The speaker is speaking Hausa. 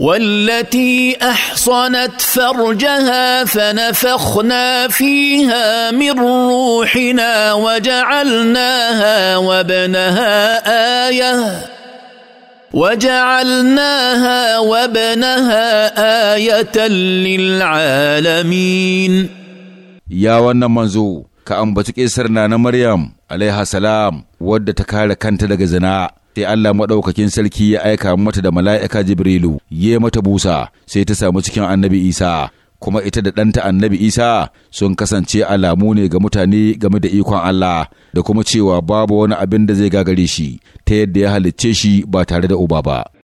والتي احصنت فرجها فنفخنا فيها من روحنا وجعلناها وابنها ايه وجعلناها وابنها ايه للعالمين يا وانا منزو ka بتك اسرنا مريم عليها سلام ودتك salam wadda لك sai Allah maɗaukakin sarki ya aika mata da mala'ika Jibrilu, ya mata busa sai ta samu cikin annabi Isa, kuma ita da ɗanta annabi Isa sun kasance alamu ne ga mutane game da ikon Allah da kuma cewa babu wani abin da zai gagare shi ta yadda ya halicce shi ba tare da uba ba.